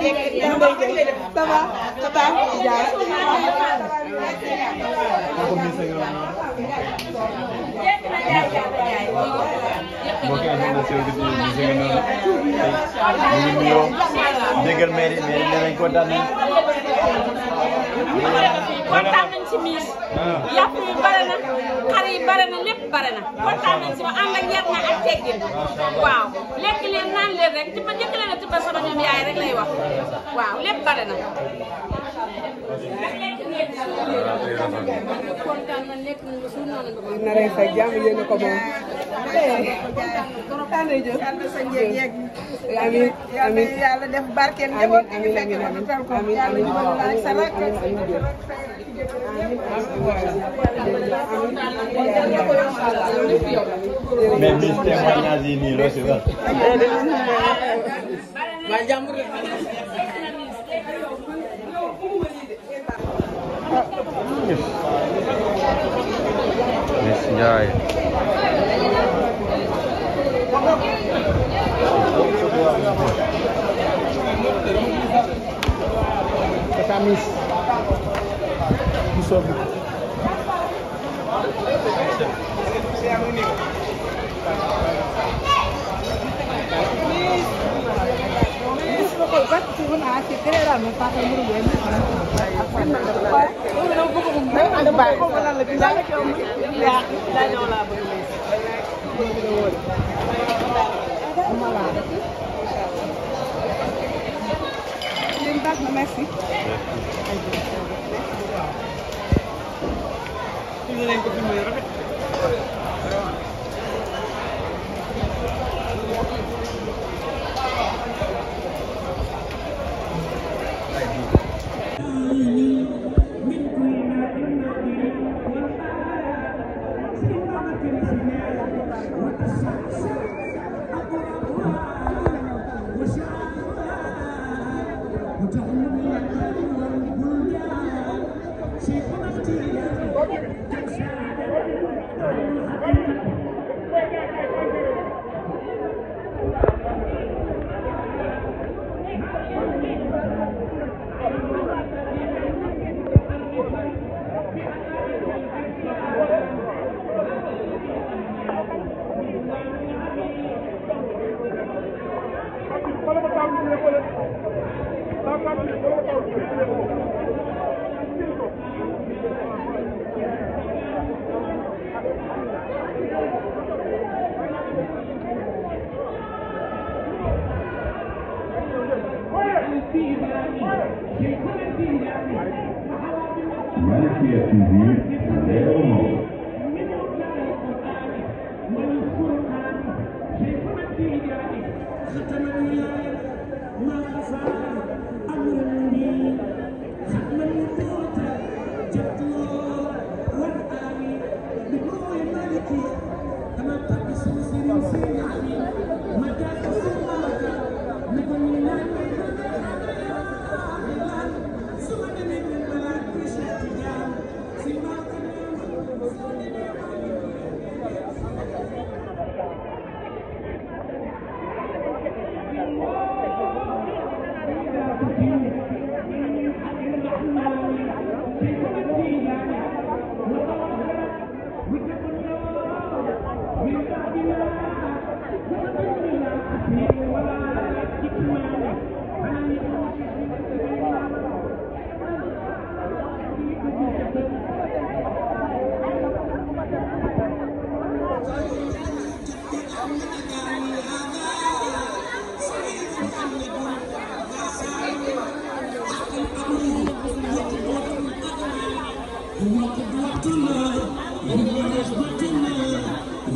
ça va papa mbokk yi ñu ngi seetlu di gis nga noonu ñu ngi nuyoo déggal maire yi maire yi nee nañ ko daan kontaan nañ ci miis yàpp yu bare na xar yi bare na lépp bare na kontaan nañ ci ba ànd ak yar na ak teggin waaw lekk leen naan leen rek ci ma njëkk leen ba sama ñoom yaay rek lay wax waaw lépp bare na. kontaan na nekk nañu suñu noonu nga ko. naree sa jàmm yéen a ko moom. amiin amiin yàlla def barke njaboot amiin amiin amiin amiin amiin amiin amiin amiin amiin waaye jàmbur la. Miss Kata Miss. Miss Obu. waaw Thank you. Malaquia Civil 09.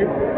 yëpp